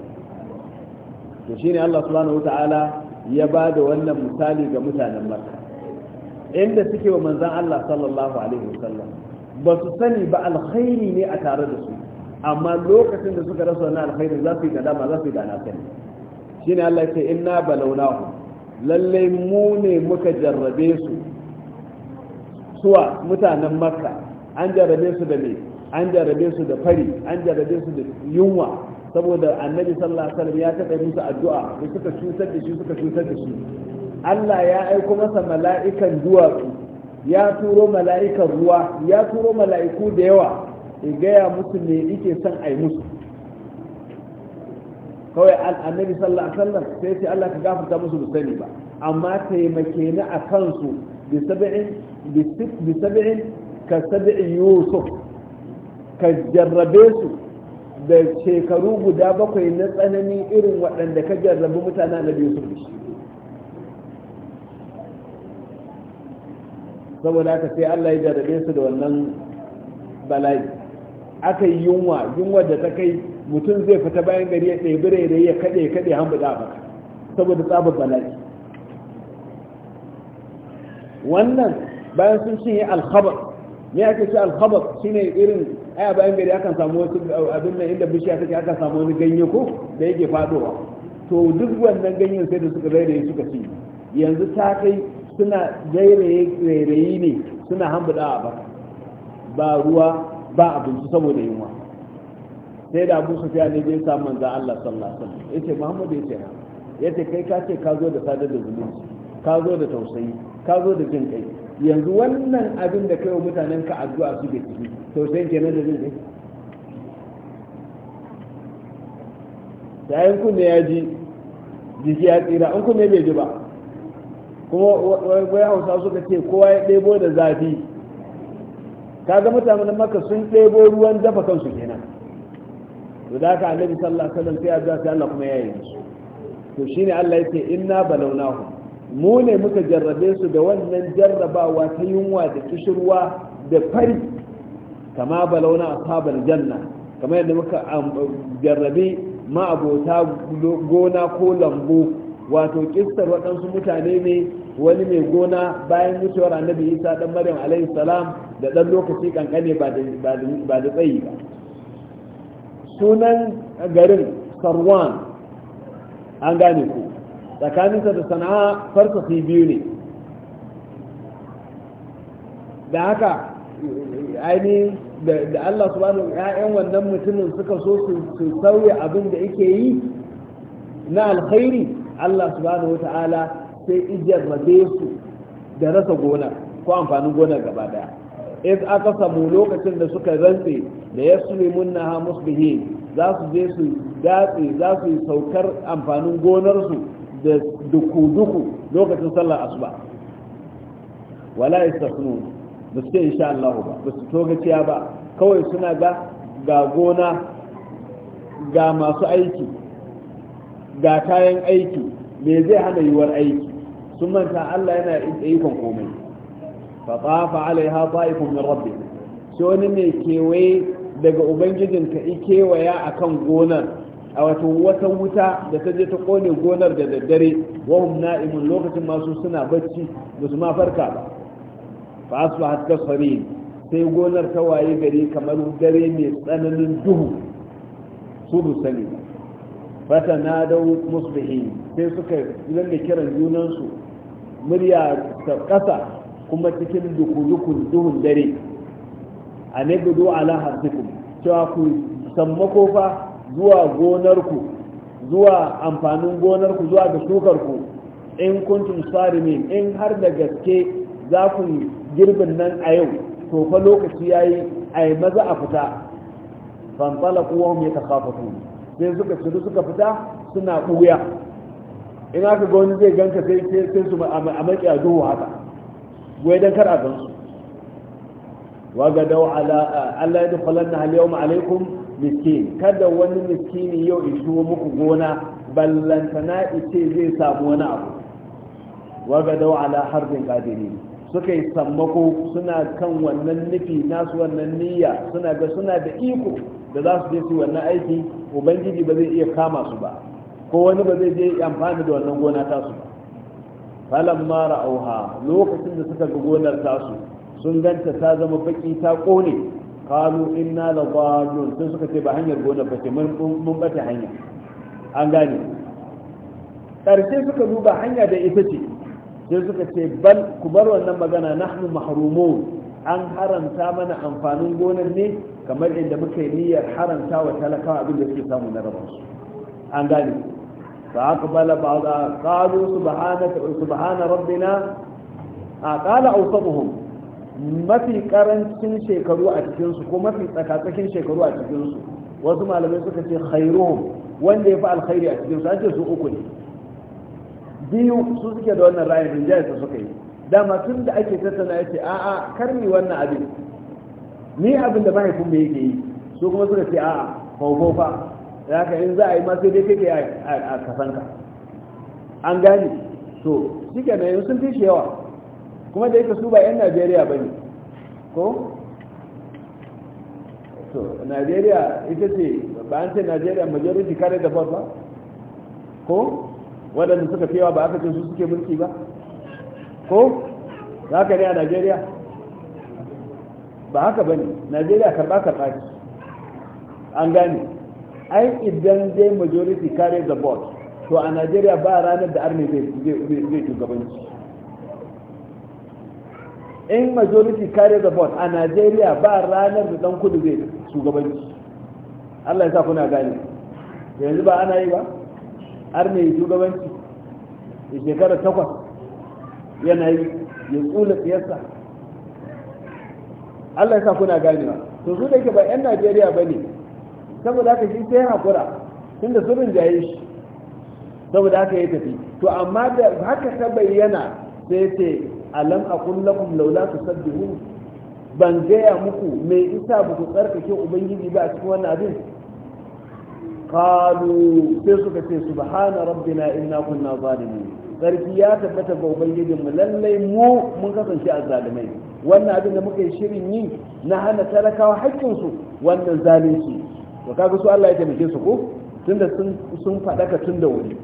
to shine Allah subhanahu wataala ya ba da wannan misali ga mutanen Makka inda suke wa manzon Allah sallallahu alaihi wasallam ba su sani ba alkhairi ne a tare da su amma lokacin da suka rasa wannan alkhairi za su yi nadama za su yi da shine Allah ce inna balawnahu lalle mu ne muka jarrabe su suwa mutanen makka an jarrabe su da me an jarrabe su da fari an jarrabe su da yunwa saboda annabi sallallahu alaihi wasallam ya taɓa musu addu'a da suka cutar da shi suka cutar da shi Allah ya aiko masa mala'ikan duwatsu ya turo mala'ikan ruwa ya turo mala'iku da yawa ya gaya musu me yake son ai musu kawai annabi sallallahu alaihi wasallam sai ce Allah ka gafarta musu da sani ba amma taimake ni a kansu bi sab'in bi sab'in ka sab'i yusuf ka jarrabe su da shekaru guda bakwai na tsanani irin waɗanda ka jarrabi mutanen annabi yusuf da saboda haka sai Allah ya jarrabe su da wannan bala'i aka yi yunwa yunwa da ta kai mutum zai fita bayan gari ya ɗebi rairayi ya kade kade han ba saboda tsabar bala'i wannan bayan sun cinye alkhabar me ake ce alkhabar shine irin aya bayan gari akan samu wasu abin nan inda bishiya take akan samu wani ganye ko da yake fadowa to duk wannan ganyen sai da suka rairaye suka ci yanzu ta kai suna rairayi ne suna hambuɗa ba ba ruwa ba abinci saboda yunwa sai da abu sufiya ne bai samu manzan Allah sallallahu alaihi wasallam yace Muhammad yace ya yace kai ka ce ka zo da sadar da zumunci ka zo da tausayi ka zo da jin kai yanzu wannan abin da kai wa mutanen ka addu'a su ke ciki tausayin kenan da jin kai yayin kunne ya ji jiki ya tsira an kunne bai ji ba kuma wai hausa suka ce kowa ya ɗebo da zafi ga mutanen maka sun ɗebo ruwan dafa kansu kenan to da haka annabi sallallahu alaihi wasallam sai addu'a sai Allah kuma ya yi to shine Allah yake inna balawnahu mu ne muka jarrabe su da wannan jarrabawa ta yunwa da kishirwa da fari kama balawna ashabal janna kamar yadda muka jarrabe ma abota gona ko lambu wato kistar waɗansu mutane ne wani mai gona bayan mutuwar annabi isa dan maryam alaihi salam da dan lokaci kankane ba da tsayi ba sunan garin sarwan an gane ku tsakaninsa da sana'a fi biyu ne da haka aini da Allah su bani ya'yan wannan mutumin suka so su sauya abin da yake yi na alkhairi Allah subhanahu wa ta'ala sai ijiyar rabe su da rasa gona ko amfanin gona gaba daya in aka samu lokacin da suka rantse da ya sulimunnaha musbihi za su je su datse za su yi saukar amfanin gonarsu da duku-duku lokacin sallar asuba wala istasnu ba su ce insha Allah ba ba su togaciya ba kawai suna ga ga gona ga masu aiki ga kayan aiki me zai hana yiwuwar aiki sun manta Allah yana ikon komai fa tafa alaiha ta'ifun min rabbi shi wani mai kewaye daga ta kewaya a kan gonar a wato wata wuta da ta je ta kone gonar da daddare wahum na'imun lokacin masu suna bacci da su ma farka ba fa asbahat kasfarin sai gonar ta waye gari kamar dare mai tsananin duhu su bu sani fata na dau musbihi sai suka zanga kiran junansu murya ta kasa kuma cikin duku duhun dare a ala hadikum cewa ku sammako fa zuwa gonarku zuwa amfanin gonarku zuwa ga shukarku in kuntum sarimin in har da gaske za ku girbin nan a yau to fa lokaci yayi ai maza a fita fanfalaku wa hum yatakhafatu sai suka shiru suka fita suna buya in aka ga wani zai ganka sai sai su a maki a duhu haka wai don kar a gansu وغدوا على ألا يدخلنها اليوم عليكم مسكين كذا وني مسكين يو يشو مكو غونا بل لن تنا ice zai samu wani abu wagadau ala harbin qadirin suka yi sammako suna kan wannan nufi nasu wannan niyya suna suna da iko da za su je su wannan aiki ubangiji ba zai iya kama su ba ko wani ba zai je amfani da wannan gona tasu ba mara auha lokacin da suka ga gonar tasu sun ganta ta zama baki ta kone kalu inna la dalun sun suka ce ba hanyar gona ba ce mun bata hanya an gane karshe suka duba hanya da ita ce sai suka ce bal ku bar wannan magana nahnu mahrumun an haramta mana amfanin gonar ne kamar inda muka yi niyyar haramta wa talakawa abin da suke samu na rabansu an gane fa aqbala ba'da qalu subhanaka subhana rabbina a qala awsabuhum mafi karancin shekaru a cikinsu ko mafi tsakatsakin shekaru a cikinsu wasu malamai suka ce khairuhum wanda ya fi alkhairi a cikinsu an ce su uku ne biyu su suke da wannan ra'ayin ta suka yi dama tun da ake tattana ya ce a'a kar ni wannan abin ni abin da mahaifin mai yake yi su kuma suka ce a'a faufau fa Ya ka in za a yi ma sai dai kake a kasanka an gane to shi kenan sun fi shi yawa kuma da yake su ba 'yan najeriya ba ne ko? so najeriya ita ce ba an ce najeriya majority kare da ba ko? waɗanda suka fiyawa ba aka ce su suke mulki ba ko? za ka ne a najeriya ba haka ba ne najeriya karɓa karɓa ce an gane ai idan dai majority kare da board to a najeriya ba ranar da army zai shugabanci in majority carry the board a Nigeria ba ranar da dan kudu zai shugabanci Allah ya sa kuna gane yanzu ba ana yi ba har mai shugabanci da shekarar takwas yana yi ya tsula siyasa Allah ya sa kuna ba. to su da ke ba 'yan Najeriya ba ne saboda haka shi sai haƙura tunda da ya shi saboda haka ya tafi to amma da haka ta bayyana sai ce alam a lakum laula tusabbihun ban gaya muku me isa ba ku tsarkake ubangiji ba a cikin wannan abin Kalu sai suka ce subhana rabbina inna kunna zalimin sarki ya tabbata ga ubangijin mu lallai mu mun kasance a zalimai wannan abin da muka yi shirin yi na hana talakawa haƙƙin su wannan zalunci to kaga su Allah ya taimake su ko tunda sun sun faɗaka tun da wuri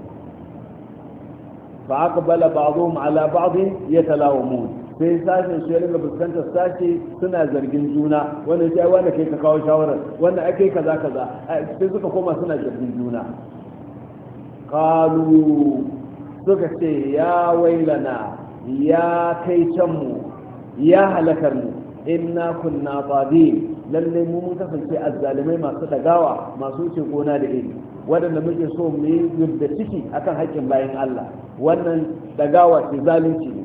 fa aqbala ba'dhum ala ba'd yatalawamun sai sashen su ya daga fuskantar sashe suna zargin juna wannan ya wanda kai ka kawo shawarar wannan akai kaza kaza sai suka koma suna zargin juna Kalu suka ce ya wailana ya kai can mu ya halakar mu inna kunna badin Lallai mu mun kasance azzalimai masu dagawa masu wuce gona da iri waɗanda muke so mu yi da ciki akan haƙƙin bayan Allah wannan dagawa ce zalunci ne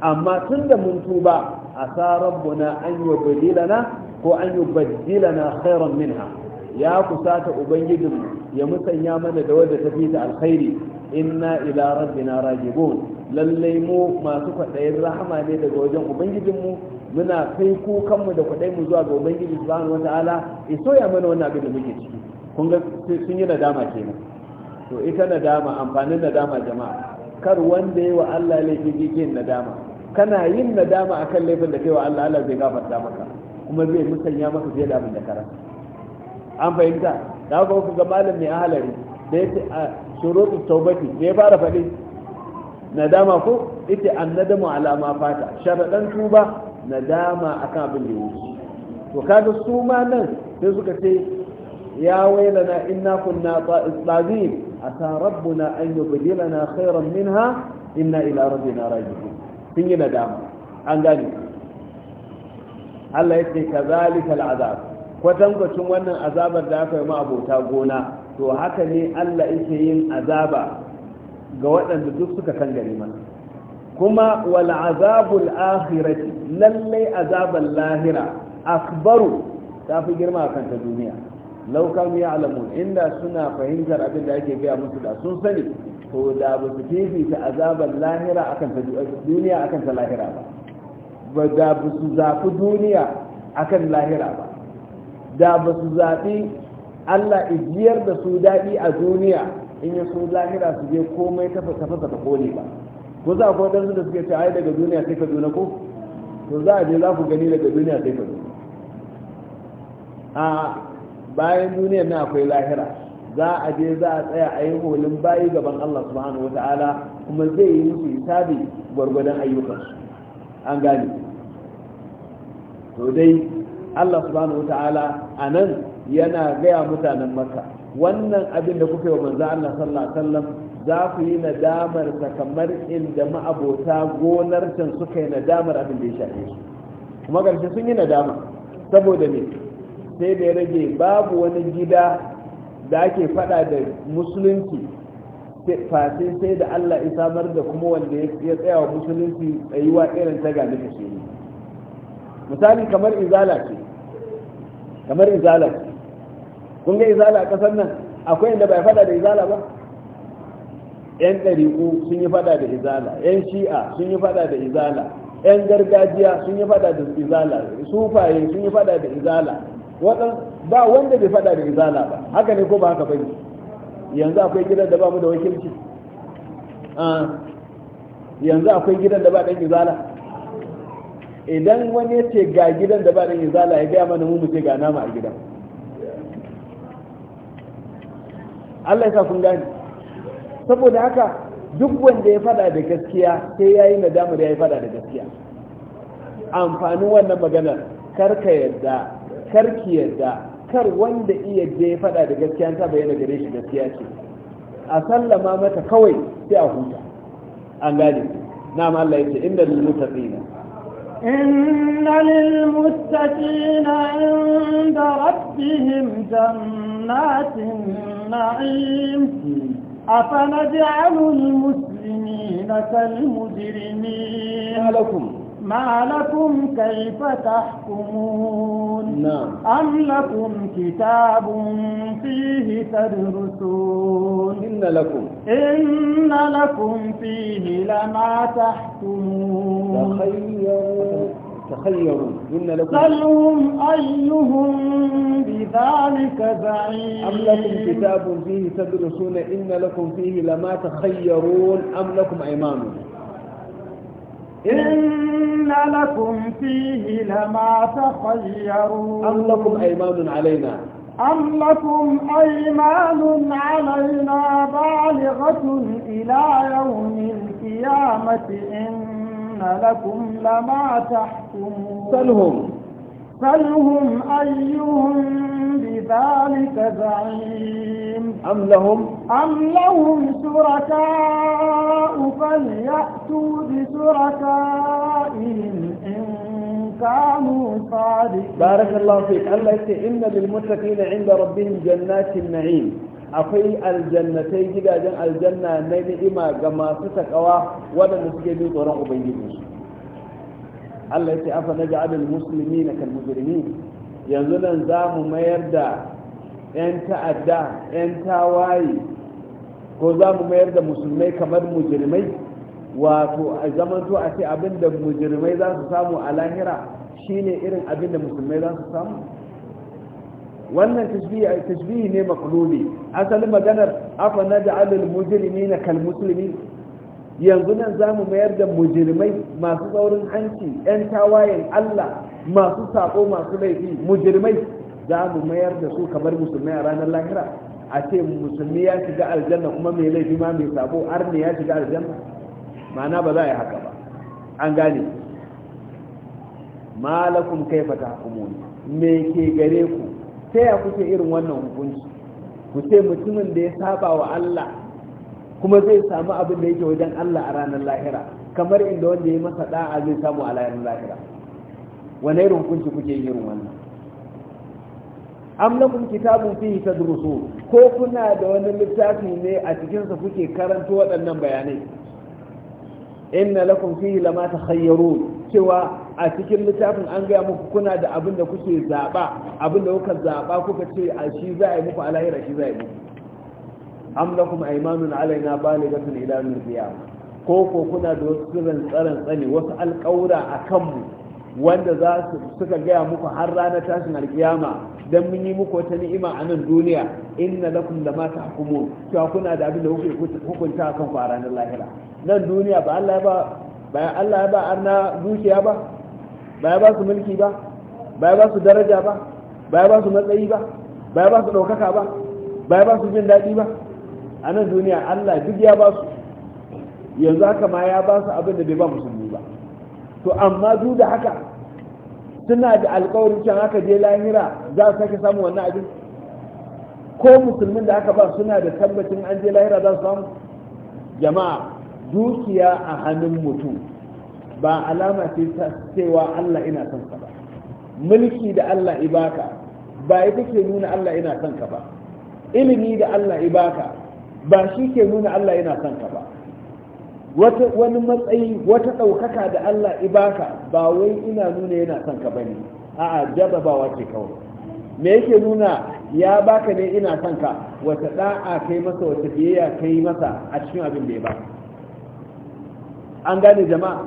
amma tun da mun tuba asa rabbuna an yubdilana ko an yubaddilana khairan minha ya kusata ubangijinmu ya musanya mana da wadda ta fi ta alkhairi inna ila rabbina rajibun lallai mu masu kwaɗayin rahama ne daga wajen ubangijinmu muna kai kukanmu da kwaɗayin mu zuwa ga ubangiji subhanahu wataala iso ya mana wannan abin da muke ciki kun ga sun yi nadama kenan to ita nadama amfanin nadama jama'a kar wanda yi wa Allah laifi jikin nadama kana yin nadama akan laifin da kai wa Allah Allah zai gafarta maka kuma zai musanya maka fiye da abin da kara an fahimta da ga ku ga malam mai ahalari da yace a shurutu taubati da ya fara faɗi nadama ko ita annadamu ala ma fata sharadan tuba nadama akan abin da ya wuce to kaga su ma nan sai suka ce يا ويلنا إنا كنا طائزين أتى ربنا أن يبدلنا خيرا منها إنا إلى ربنا راجعون سنجنا داما عن ذلك Allah ya ce ka zalikal azab kwatankwacin wannan azabar da aka yi ma abota gona to haka ne Allah yake yin azaba ga waɗanda duk suka kan gari mana kuma wal azabul akhirati lallai azabal lahira akbaru ta fi girma kan ta duniya laukan ya alamu inda suna fahimtar abin da ake gaya musu da sun sani to da ba su ta azabar lahira akan ta duniya akan ta lahira ba ba da ba su zafi duniya akan lahira ba da ba su zafi Allah ijiyar da su daɗi a duniya in ya so lahira su je komai ta fasa ta kone ba ko za ku waɗansu da suke ce ai daga duniya sai ka duna ko to za a je za ku gani daga duniya sai ka duna a bayan duniyar na akwai lahira za a je za a tsaya a yi holin bayi gaban Allah subhanahu wata'ala kuma zai yi musu hisabi gwargwadon ayyukansu an gane to dai Allah subhanahu wata'ala a nan yana gaya mutanen maka wannan abin da kuke wa manzo Allah sallallahu alaihi wasallam za ku yi nadamar ta kamar inda ma'abota gonar can suka yi nadamar abin da ya shafe su kuma ƙarshe sun yi nadama saboda ne sai da ya rage babu wani gida da ake fada da musulunci fasin sai da Allah ya samar da kuma wanda ya tsaya wa musulunci tsayuwa irin ta gani da shi misali kamar izala ce kamar izala ce kun ga izala a kasar nan akwai inda bai fada da izala ba yan ɗariƙu sun yi fada da izala yan shi'a sun yi fada da izala yan gargajiya sun yi fada da izala sufaye sun yi fada da izala ba wanda bai fada da izala ba haka ne ko ba haka bane yanzu akwai gidan da ba mu da wakilci ah, yanzu akwai gidan da ba ɗan izala idan wani ya ce ga gidan da ba ɗan izala ya gaya mana mu mu ce ga nama a gidan Allah ya sa kun gane saboda haka duk wanda ya fada da gaskiya sai ya yi nadama da ya fada da gaskiya amfanin wannan maganar karka yadda karki yadda kar wanda iya je faɗa da gaskiya ta bayyana gare shi gaskiya ce a sallama mata kawai sai a huta an gane na'am Allah yake inda lil muttaqina inna lil muttaqina inda rabbihim jannatin na'im hmm. ja'alul muslimina kal mujrimin lakum ما لكم كيف تحكمون نعم أم لكم كتاب فيه تدرسون إن لكم إن لكم فيه لما تحكمون تخيروا تخيروا إن لكم سلهم أيهم بذلك زعيم أم لكم كتاب فيه تدرسون إن لكم فيه لما تخيرون أم لكم أيمان إن لكم فيه لما تخيرون أم لكم أيمان علينا أم لكم أيمان علينا بالغة إلى يوم القيامة إن لكم لما تحكمون سلهم سلهم أيهم بذلك زعيم أم لهم أم لهم شركاء فليأتوا فأتوا بشركائهم إن كانوا صادقين بارك الله فيك الله يقول إن للمتقين عند ربهم جنات النعيم akwai aljannatai gidajen aljanna na ni'ima ga masu takawa waɗanda suke bin tsoron ubangiji Allah ya ce afa na ja'alul musulmi na kalmujirmi yanzu nan za mu mayar da 'yan ta'adda 'yan tawaye ko za mu mayar da musulmai kamar mujirmai wato a zamanto a ce abin da mujirmai za su samu a lahira shine irin abin da musulmai za su samu wannan tashbihi ne makulubi asalin maganar afa na da alil mujirmi na musulmi yanzu nan za mu mayar da mujirmai masu tsaurin hanci 'yan tawayen allah masu sako masu laifi mujirmai za mu mayar da su kamar musulmai a ranar lahira a ce musulmi ya shiga aljanna kuma mai laifi ma mai sabo arni ya shiga aljanna ma'ana ba za a yi haka ba an gane malakum kaifa tahkumun me ke gare ku sai ya kuke irin wannan hukunci ku ce mutumin da ya saba wa Allah kuma zai samu abin da yake wajen Allah a ranar lahira kamar inda wanda ya masa da'a zai samu a ranar lahira wane irin hukunci kuke irin wannan amlakum kitabun fihi tadrusu ko kuna da wani littafi ne a cikin sa kuke karanto waɗannan bayanai inna lakum fihi lama takhayyarun cewa a cikin littafin an gaya muku kuna da abin da kuke zaba abin da kuka zaba kuka ce a shi za a yi muku a lahira shi za a yi muku am lakum aymanun alaina balighatun ila min ko ko kuna da wasu tsirin tsaron tsane wasu alƙawura a kanmu wanda za su suka gaya muku har ranar tashin alkiyama dan mun yi muku wata ni'ima a nan duniya inna lakum lama tahkumun cewa kuna da abin da hukunta kan ku a ranar lahira nan duniya ba Allah ba ba Allah ya ba arna dukiya ba ba ya ba su mulki ba ba ya ba su daraja ba ba ya ba su matsayi ba ba ya ba su ɗaukaka ba ba ya ba su jin daɗi ba a nan duniya Allah duk ya ba su yanzu haka ma ya ba su abin da bai ba musulmi to amma duk da haka suna da alkawarin can aka je lahira za su sake samu wannan abin ko musulmin da haka ba suna da tabbacin an je lahira za su samu jama'a dukiya a hannun mutum ba alama ce ta cewa Allah ina son ka ba mulki da Allah ibaka ba ita ke nuna Allah ina son ka ba ilimi da Allah ibaka ba shi ke nuna Allah ina son ka ba wata wani matsayi wata ɗaukaka da Allah ibaka ba wai ina nuna yana son ka bane a'a jarrabawa ce kawai me yake nuna ya baka ne ina son ka wata da'a kai masa wata biyayya kai masa a cikin abin da ya baka an gane jama'a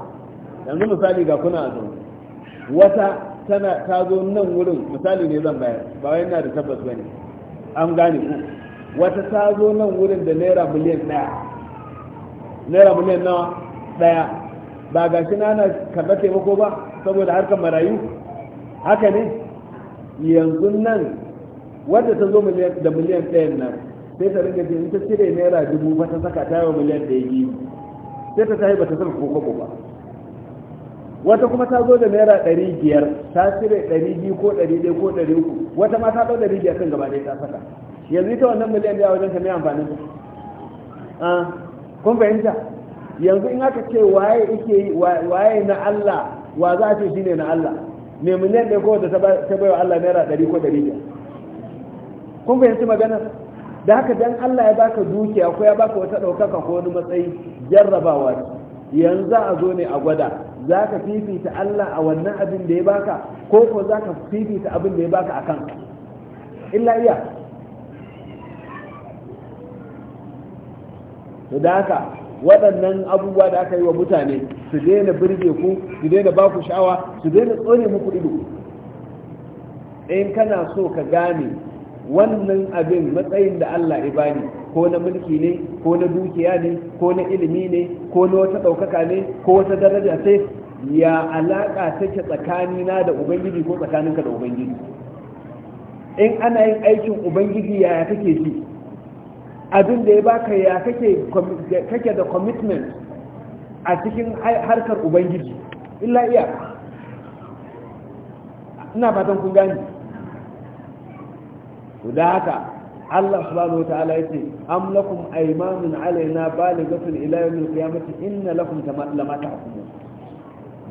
yanzu misali ga kuna a zuwa wata tana ta zo nan wurin misali ne zan bayar ba wai ina da tabbas bane an gane ku wata ta zo nan wurin da naira miliyan ɗaya naira miliyan nawa ɗaya ba ga shi na ana karɓar taimako ba saboda harkar marayu haka ne yanzu nan wadda ta zo da miliyan ɗayan nan sai ta rinka in ta cire naira dubu ba ta saka ta yawa miliyan ɗaya biyu sai ta tashi ba ta saka koko ba wata kuma ta zo da naira ɗari biyar ta cire ɗari biyu ko ɗari ɗaya ko ɗari uku wata ma ta ɗau ɗari biyar kan gaba ɗaya ta saka yanzu ita wannan miliyan ɗaya wajen ta mai amfani kun fahimta yanzu in aka ce waye yake waye na Allah wa za ce shine na Allah me mun ne da kowace ta bai wa Allah naira ɗari ko ɗari biyar kun fahimci magana da haka dan Allah ya baka dukiya ko ya baka wata ɗaukaka ko wani matsayi jarrabawa yanzu a zo ne a gwada za ka fifita Allah a wannan abin da ya baka ko ko za ka fifita abin da ya baka akan kanka illa iya Su da haka waɗannan abubuwa da aka yi wa mutane su daina birge ku su daina ba ku sha'awa su daina tsone muku ido in kana so ka gane wannan abin matsayin da Allah ya bani ko na mulki ne ko na dukiya ne ko na ilimi ne ko na wata ɗaukaka ne ko wata daraja ce ya alaƙa take tsakanina da ubangiji ko tsakaninka da ubangiji in ana yin aikin ubangiji yaya kake ji abin da ya baka ya kake da commitment a cikin harkar ubangiji illa iya ina fatan kun gani da haka Allah subhanahu wa ta'ala yace am lakum aymanun alaina balighatun ila yawmil qiyamati inna lakum lama tahkumun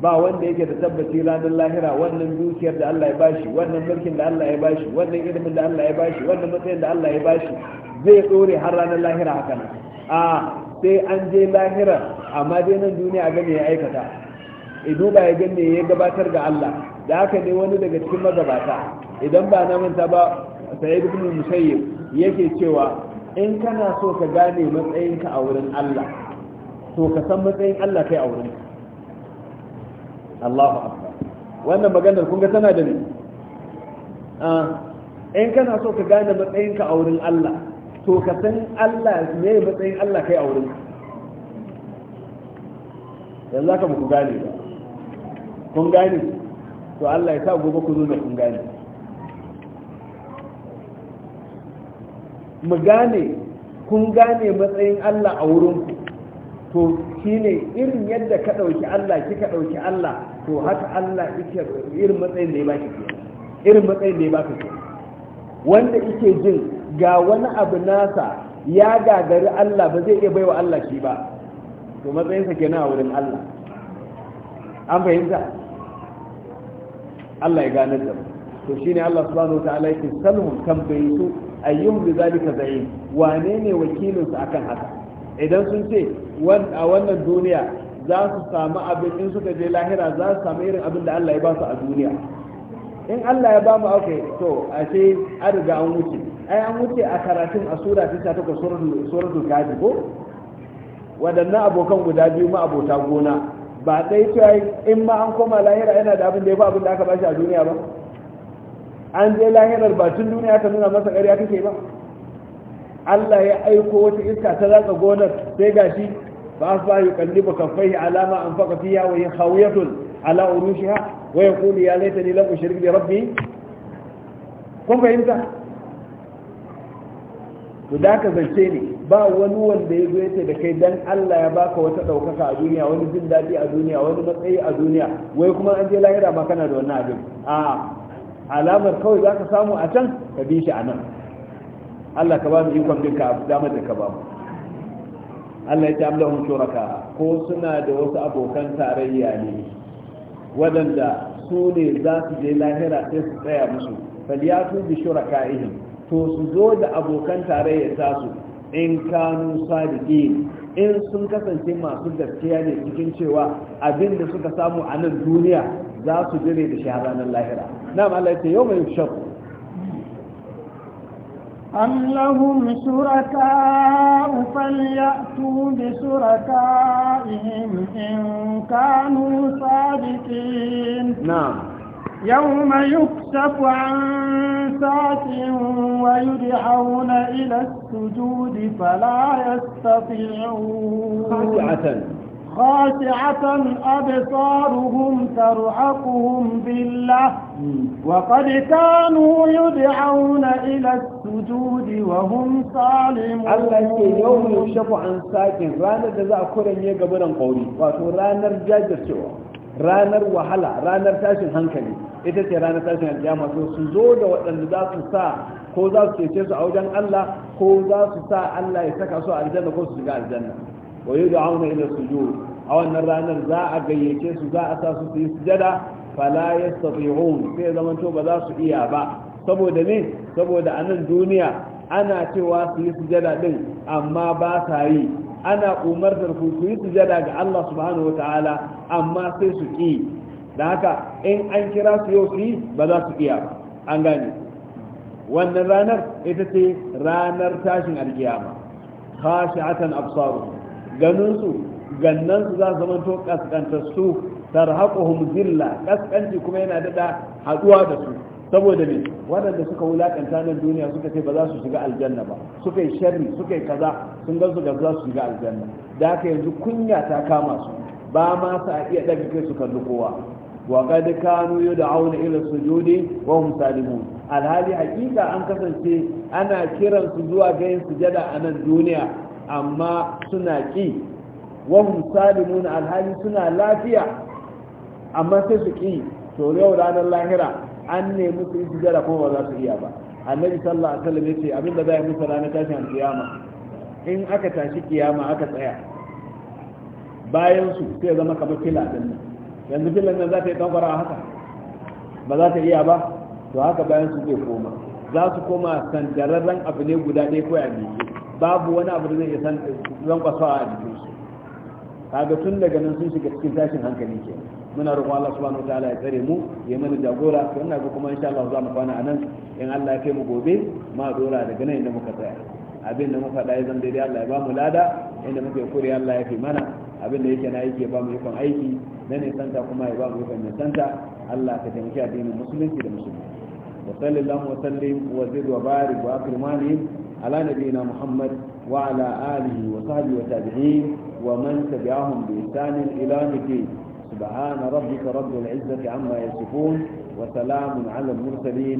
ba wanda yake da tabbaci ranar lahira wannan dukiyar da Allah ya bashi wannan mulkin da Allah ya bashi wannan ilimin da Allah ya bashi wannan matsayin da Allah ya bashi zai ɗore har ranar lahira haka nan a sai an je lahira amma dai nan duniya ga me ya aikata duba ya gane ya gabatar ga Allah da haka ne wani daga cikin magabata idan ba na manta ba sai ibn musayyib yake cewa in kana so ka gane matsayinka a wurin Allah to ka san matsayin Allah kai a wurin Allahu akbar wannan maganar kun ga tana da ni in kana so ka gane matsayinka a wurin Allah to ka san Allah ne matsayin Allah kai a wurin yanzu aka ba ku gane ba kun gane to Allah ya sa gobe ku zo da kun gane mu gane kun gane matsayin Allah a ku, to shine irin yadda ka ɗauki Allah kika ɗauki Allah to haka Allah yake irin matsayin da ya baki irin matsayin da ya baki wanda yake jin ga wani abu nasa ya gagari Allah ba zai iya baiwa Allah shi ba to matsayinsa kenan a wurin Allah an fahimta Allah ya gane da to shine Allah subhanahu wataala yake salhum tambayi su ayyuhum bi zalika zayin wane ne wakilin su akan haka idan sun ce a wannan duniya za su samu abin in suka je lahira za su samu irin abin da Allah ya ba su a duniya in Allah ya ba mu aka to ashe an riga an wuce ai an wuce a karatun a sura ta ta takwas suratul gadi ko waɗannan abokan guda biyu ma abota gona ba ɗai cewa in ma an koma lahira yana da abin da ya fi abin da aka bashi a duniya ba an je lahirar ba tun duniya ta nuna masa ƙarya kake ba Allah ya aiko wata iska ta zaka gonar sai gashi ba su ba yi kallibu kafai alama an faka fiya wa yin hawiyatun ala urushiha wa ya kuli ya laita ni lan ushrik bi rabbi kun fahimta to da ka zance ne ba wani wanda ya zo yace da kai dan Allah ya baka wata ɗaukaka a duniya wani jin dadi a duniya wani matsayi a duniya wai kuma an je lahira ma kana da wannan abin a alamar kawai zaka samu a can ka bi shi a nan Allah ka ba mu ikon dinka damar da ka ba mu Allah ya ce amlahum shuraka ko suna da wasu abokan tarayya ne waɗanda su ne za su je lahira sai su tsaya musu falyatu bi shuraka'ihim to su zo da abokan tarayyar tasu in kanu sadiqin in sun kasance masu gaskiya ne cikin cewa abin da suka samu a nan duniya za su jire da shi ranar lahira na Allah ce yau mai shaf. أم لهم شركاء فليأتوا بشركائهم إن كانوا صادقين نعم يوم يكشف عن ساق ويدعون إلى السجود فلا يستطيعون خاشعة خاشعة أبصارهم ترعقهم بالله وقد كانوا يدعون إلى السجود وهم صالمون الله يوم يكشف عن ساكن رانا جزاء كل يجبرا قولي رانا رجال السعور ranar wahala ranar tashin hankali ita ce ranar tashin alkiyama so su zo da waɗanda za su sa ko za su cece su a wajen Allah ko za su sa Allah ya saka su a aljanna ko su shiga aljanna wa yud'auna ila sujud a wannan ranar za a gayyace su za a sa su su yi sujada fala yastati'un sai zaman to ba za su iya ba saboda ne saboda a nan duniya ana cewa su yi sujada din amma ba sa yi ana umartar ku su yi sujada ga Allah subhanahu wataala amma sai su ƙi da haka in an kira su yau su ba za su iya ba an gane wannan ranar ita ce ranar tashin alkiyama khashi'atan absaru ganinsu gannansu za su zama to kaskantarsu tarhaquhum zilla kaskanci kuma yana dada haduwa da su saboda me waɗanda suka wulakanta nan duniya suka ce ba za su shiga aljanna ba suka yi sharri suka yi kaza sun ga su ga za su shiga aljanna da haka yanzu kunya ta kama su ba ma sa iya daga kai su kalli kowa wa qad kanu yud'auna ila sujudi wa hum salimun alhali hakika an kasance ana kiran su zuwa ga yin sujada a nan duniya amma suna ki wa hum salimun alhali suna lafiya amma sai su ki to yau ranar lahira an nemi su yi sujada kuma ba za su iya ba annabi sallallahu alaihi wasallam yace abinda za a yi musu ranar tashin kiyama in aka tashi kiyama aka tsaya bayan su sai zama kamar fila din nan yanzu filan nan za ta yi tankwara haka ba za ta iya ba to haka bayan su zai koma za su koma sandararren abu ne guda ɗaya ko a jiki babu wani abu da zai iya san a jikin su kaga tun daga nan sun shiga cikin tashin hankali ke muna roƙon Allah subhanahu ta'ala ya tsare mu ya mana jagora to ina ga kuma insha Allah za mu kwana anan in Allah ya kai mu gobe ma dora daga nan inda muka tsaya abin da mu faɗa zan daidai Allah ya ba mu lada inda muke kuri Allah ya fi mana abin da yake na yake ba mu yakan aiki na ne santa kuma ya ba mu yakon santa Allah ka taimaki addinin musulunci da musulunci. wa sallallahu wa sallim wa zid wa barik wa akrimani ala nabiyina muhammad wa ala alihi wa sahbihi wa tabi'in wa man tabi'ahum bi ihsan ila yawm سبحان ربك رب العزة عما يصفون وسلام على المرسلين